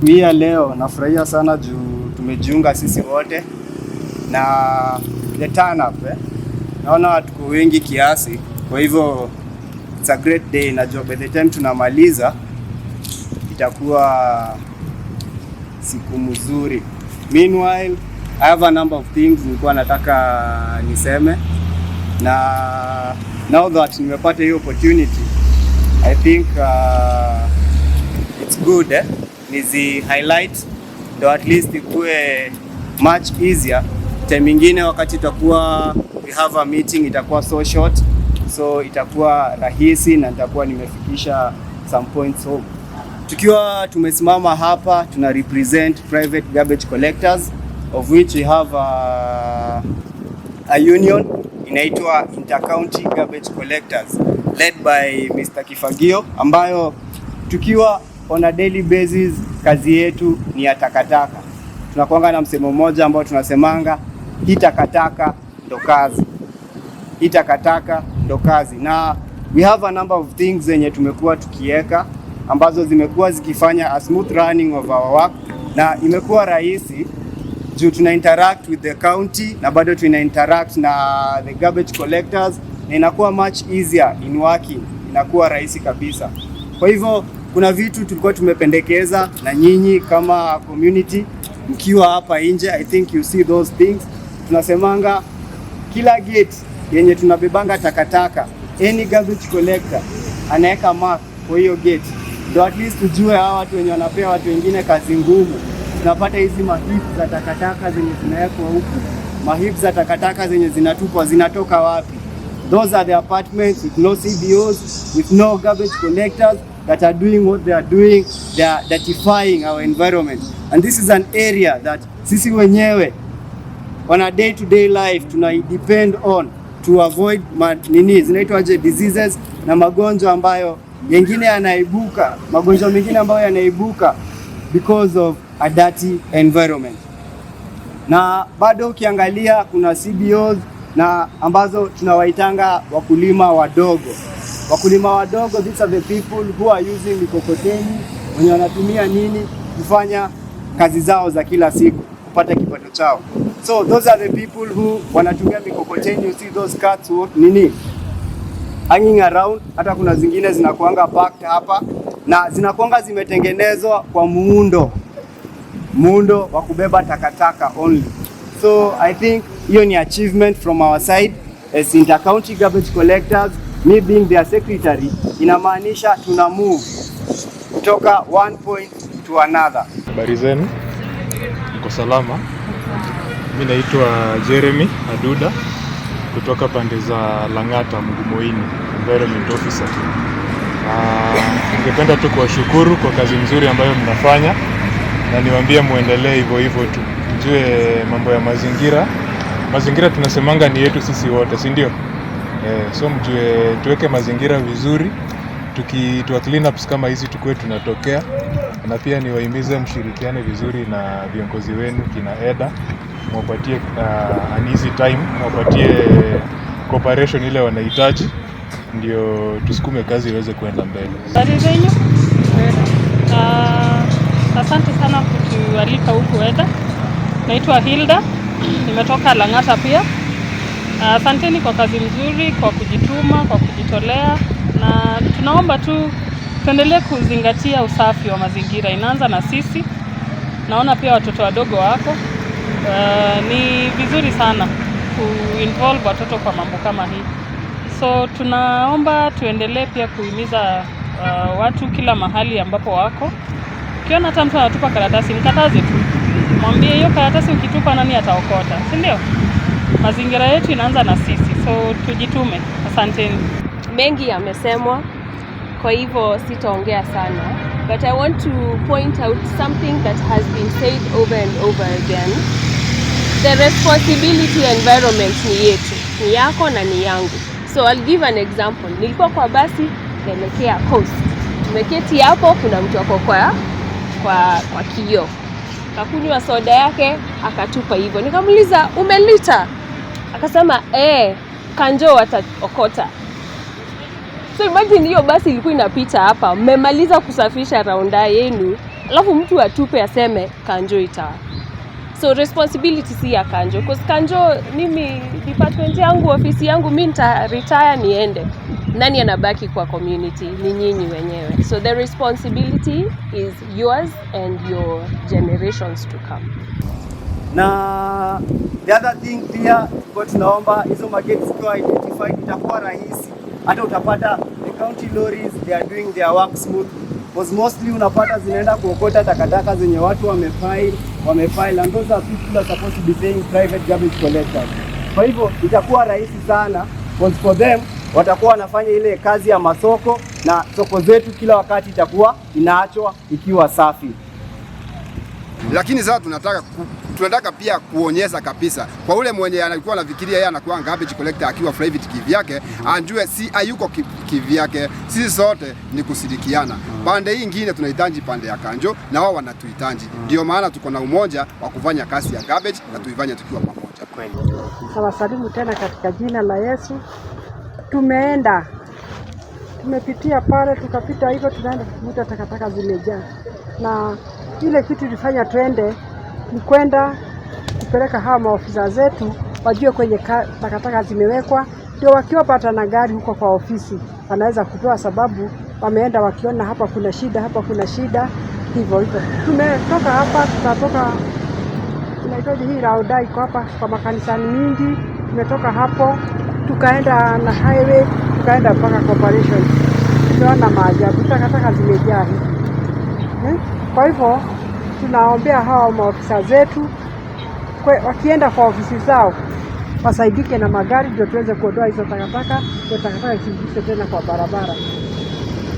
Siku hii ya leo nafurahia sana juu tumejiunga sisi wote na the turn up, eh. Naona tuko wengi kiasi, kwa hivyo it's a great day. Najua by the time tunamaliza itakuwa siku mzuri. Meanwhile, I have a number of things nilikuwa nataka niseme na now that nimepata hiyo opportunity I think uh, it's good eh? nizi highlight ndio at least ikue much easier. Time ingine wakati itakuwa we have a meeting itakuwa so short, so itakuwa rahisi na nitakuwa nimefikisha some points home. Tukiwa tumesimama hapa tuna represent private garbage collectors of which we have a, a union inaitwa Intercounty Garbage Collectors led by Mr. Kifagio ambayo tukiwa on a daily basis, kazi yetu ni ya takataka. Tunakuanga na msemo mmoja ambao tunasemanga hii takataka ndo kazi, hii takataka ndo kazi, na we have a number of things zenye tumekuwa tukiweka ambazo zimekuwa zikifanya a smooth running of our work, na imekuwa rahisi juu tuna interact with the county na bado tuna interact na the garbage collectors, na inakuwa much easier in working, inakuwa rahisi kabisa. Kwa hivyo kuna vitu tulikuwa tumependekeza na nyinyi kama community mkiwa hapa nje, I think you see those things. Tunasemanga kila gate yenye tunabebanga takataka, any garbage collector anaweka mark kwa hiyo gate, ndo at least tujue hawa watu wenye wanapea watu wengine kazi ngumu. Tunapata hizi mahip za takataka zenye zinawekwa huku, mahip za takataka zenye zinatupwa zinatoka wapi? Those are the apartments with no CBOs, with no garbage collectors that are doing what they are doing, they are dirtifying our environment. And this is an area that sisi wenyewe on a day to day life tuna depend on to avoid nini zinaitwaje diseases na magonjwa ambayo yengine yanaibuka, magonjwa mengine ambayo yanaibuka because of a dirty environment. Na bado ukiangalia kuna CBOs na ambazo tunawaitanga wakulima wadogo wakulima wadogo, these are the people who are using mikokoteni, wenye wanatumia nini kufanya kazi zao za kila siku kupata kipato chao. So those are the people who wanatumia mikokoteni, you see those cats who nini hanging around. Hata kuna zingine zinakuanga parked hapa na zinakuanga zimetengenezwa kwa muundo muundo wa kubeba takataka only. So I think hiyo ni achievement from our side as inter county garbage collectors me being their secretary inamaanisha tuna move kutoka one point to another. Habari zenu, mko salama. mi naitwa Jeremy Aduda kutoka pande za Lang'ata Mgumoini, environment officer. Ah, ningependa tu kuwashukuru kwa kazi nzuri ambayo mnafanya na niwaambie muendelee hivyo hivyo tu. Mjue mambo ya mazingira, mazingira tunasemanga ni yetu sisi wote, si ndio? eh, so mjue tuweke mazingira vizuri tukitoa clean ups kama hizi tukuwe tunatokea, na pia niwahimize mshirikiane vizuri na viongozi wenu kina EDA, mwapatie uh, an easy time, mwapatie cooperation ile wanahitaji, ndio tusukume kazi iweze kuenda mbele. Uh, asante sana kutualika huku EDA. Naitwa Hilda, nimetoka Lang'ata pia Uh, asanteni kwa kazi nzuri, kwa kujituma, kwa kujitolea, na tunaomba tu tuendelee kuzingatia usafi wa mazingira. Inaanza na sisi, naona pia watoto wadogo wako. Uh, ni vizuri sana kuinvolve watoto kwa mambo kama hii, so tunaomba tuendelee pia kuhimiza uh, watu kila mahali ambapo wako. Ukiona hata mtu anatupa karatasi, mkataze tu, mwambie hiyo karatasi ukitupa, nani ataokota, si ndio? mazingira yetu inaanza na sisi, so tujitume. Asanteni. Mengi yamesemwa, kwa hivyo sitaongea sana, but I want to point out something that has been said over and over again. The responsibility environment ni yetu, ni yako na ni yangu. So I'll give an example. Nilikuwa kwa basi naelekea coast, tumeketi hapo, kuna mtu ako kwa kwa, kwa kioo kakunywa soda yake akatupa hivyo, nikamuliza umelita akasema eh, kanjo wataokota. So imagine hiyo basi ilikuwa inapita hapa, mmemaliza kusafisha raunda yenu, alafu mtu atupe aseme kanjo ita. So responsibility si ya kanjo, cause kanjo, mimi department yangu, ofisi yangu, mi nita retire niende, nani anabaki kwa community? Ni nyinyi wenyewe. So the responsibility is yours and your generations to come na the other thing pia kwa tunaomba hizo mageti zikiwa identified itakuwa rahisi, hata utapata the county lorries they are doing their work smooth, because mostly unapata zinaenda kuokota takataka zenye watu wamefile wamefile, and those are people are supposed to be paying private garbage collectors. Kwa hivyo itakuwa rahisi sana because for them watakuwa wanafanya ile kazi ya masoko, na soko zetu kila wakati itakuwa inaachwa ikiwa safi. Lakini sasa tunataka ku, tunataka pia kuonyesha kabisa kwa ule mwenye alikuwa anafikiria yeye anakuwa garbage collector akiwa private kivyake, anjue si ayuko kivyake. Sisi sote ni kushirikiana. Pande hii nyingine tunahitaji pande ya Kanjo na wao wanatuhitaji, ndio maana tuko na umoja wa kufanya kazi ya garbage na tuifanye tukiwa pamoja. Kweli nawasalimu tena katika jina la Yesu. Tumeenda tumepitia pale, tukapita hivyo, tunaenda kukuta takataka zimejaa na ile kitu ilifanya twende ni kwenda kupeleka hawa maofisa zetu wajue kwenye takataka zimewekwa, ndio wakiwapata na gari huko kwa ofisi wanaweza kupewa, sababu wameenda wakiona hapa kuna shida, hapa kuna shida, hivyo hivyo. Tumetoka hapa, tutatoka tunaitaji hii rauda iko hapa kwa makanisani mingi. Tumetoka hapo tukaenda na highway tukaenda mpaka corporation, tumeona maajabu, takataka zimejaa hivi. Mhm. Kwa hivyo tunaombea hawa maofisa zetu kwe, wakienda kwa ofisi zao wasaidike na magari ndio tuweze kuondoa hizo takataka, ndio takataka isiingizwe tena kwa barabara.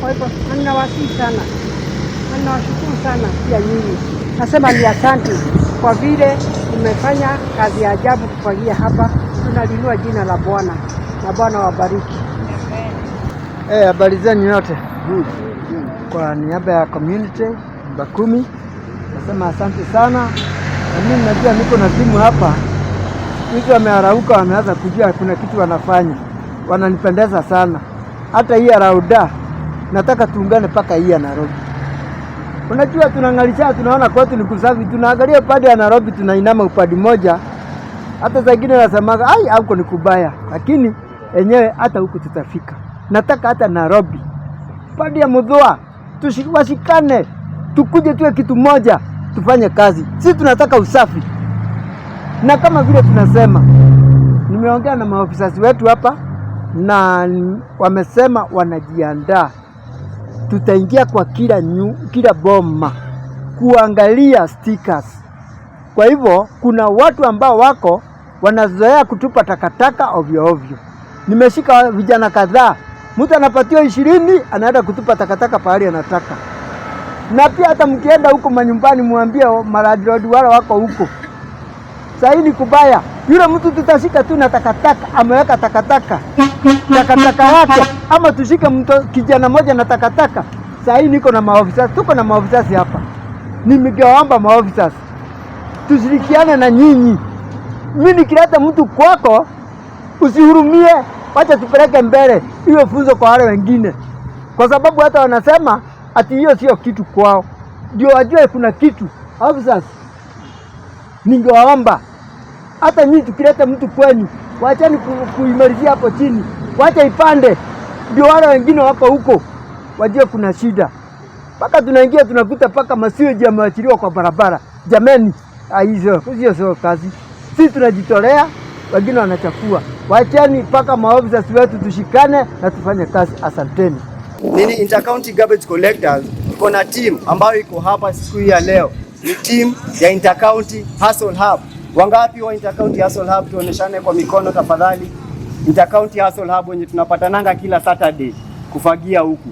Kwa hivyo ninawasihi sana, ninawashukuru sana pia nyinyi, nasema ni asante kwa vile umefanya kazi ya ajabu kufagia hapa. Tunalinua jina la Bwana na Bwana wabariki. Eh, habari hey, zenu yote. Hmm kwa niaba ya community Bakumi nasema asante sana, na mimi najua niko na timu hapa hizi, wamearauka, wameanza kujua kuna kitu wanafanya, wananipendeza sana. Hata hii arauda nataka tuungane mpaka hii ya Nairobi. Unajua tunang'alisha, tunaona kwetu ni kusafi, tunaangalia upande ya Nairobi tunainama upande moja, hata zingine nasemaga ai huko ni kubaya, lakini enyewe hata huku tutafika. Nataka hata Nairobi pande ya mudhoa tushikane, tukuje tuwe kitu moja, tufanye kazi. Sisi tunataka usafi, na kama vile tunasema, nimeongea na maofisasi wetu hapa na wamesema wanajiandaa, tutaingia kwa kila nyu, kila boma kuangalia stickers. Kwa hivyo kuna watu ambao wako wanazoea kutupa takataka ovyo ovyo. Nimeshika vijana kadhaa mtu anapatiwa ishirini anaenda kutupa takataka pahali anataka. Na pia hata mkienda huko manyumbani, mwambie maradrodi wala wako huko saini kubaya. Yule mtu tutashika tu na takataka, ameweka takataka takataka yake, ama tushike mto kijana moja na takataka. Sahii niko na maofisa, tuko na maofisa hapa, nimegaomba maofisa tushirikiane na nyinyi. Mimi nikileta mtu kwako usihurumie wacha tupeleke mbele, iwe funzo kwa wale wengine, kwa sababu hata wanasema ati hiyo sio kitu kwao, ndio wajue kuna kitu. Alafu ningewaomba hata nyinyi, tukilete mtu kwenu, wacheni kuimalizia hapo chini, wacha ipande, ndio wale wengine wako huko wajue kuna shida. Mpaka tunaingia tunakuta mpaka masiweji yamewachiliwa kwa barabara. Jameni, ah, hizo sio kazi. Sisi tunajitolea wengine wanachafua. Wacheni mpaka maofisa wetu tushikane na tufanye kazi. Asanteni. Nini intercounty garbage collectors iko na team ambayo iko hapa siku hii ya leo, ni team ya intercounty hustle hub. Wangapi wa intercounty hustle hub? Tuoneshane kwa mikono tafadhali. Intercounty hustle hub wenye tunapatananga kila Saturday kufagia huku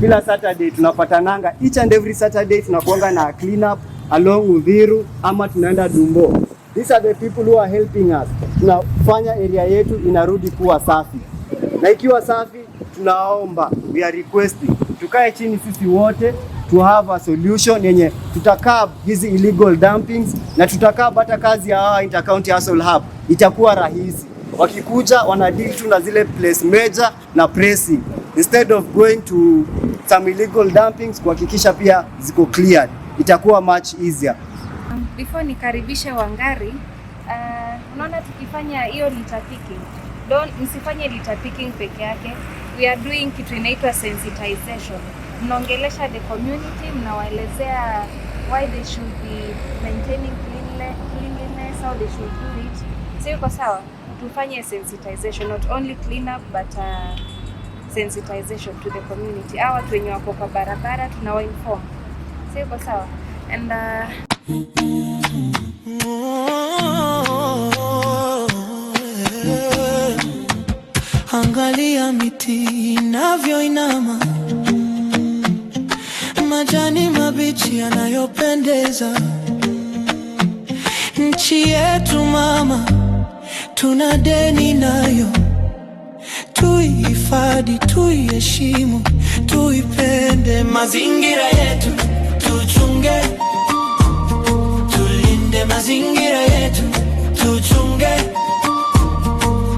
kila Saturday tunapatananga, each and every Saturday tunakuanga na clean up along Uthiru ama tunaenda Dumbo. These are the people who are helping us. Tunafanya area yetu inarudi kuwa safi, na ikiwa safi, tunaomba we are requesting, tukae chini sisi wote to have a solution yenye tutakaa hizi illegal dumpings na tutakaa hata kazi ya hawa inter county hustle hub itakuwa rahisi. Wakikuja wanadiltu tu na zile place major na pressing instead of going to some illegal dumpings, kuhakikisha pia ziko cleared, itakuwa much easier before nikaribishe Wangari, uh, unaona tukifanya hiyo litter picking, don't msifanye litter picking peke yake. We are doing kitu inaitwa sensitization. Mnaongelesha the community, mnawaelezea why they should be maintaining cleanliness, how they should do it. Si uko sawa? Tufanye sensitization, not only clean up but uh, sensitization to the community. Hawa watu wenye wako kwa barabara tunawa inform. si uko sawa? and uh, Oh, angalia miti inavyoinama, majani mabichi yanayopendeza. Nchi yetu mama, tuna deni nayo, tuihifadhi, tuiheshimu, tuipende mazingira yetu, tuchunge mazingira yetu tuchunge,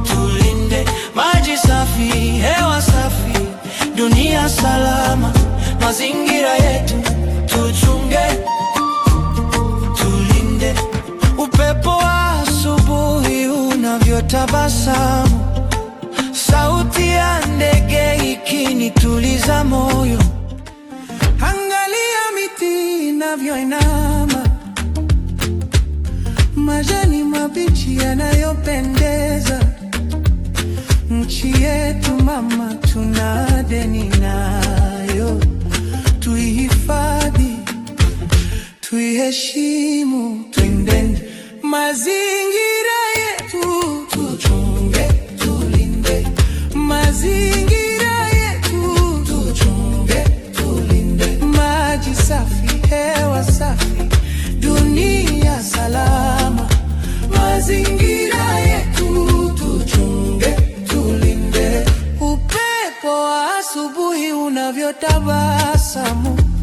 tulinde maji safi, hewa safi, dunia salama. Mazingira yetu tuchunge, tulinde. Upepo wa asubuhi unavyotabasamu, sauti ya ndege ikinituliza moyo, angalia miti inavyoinama mabichi yanayopendeza nchi yetu mama, tuna deni nayo, tuihifadhi, tuiheshimu, tuindeni mazi tabasamu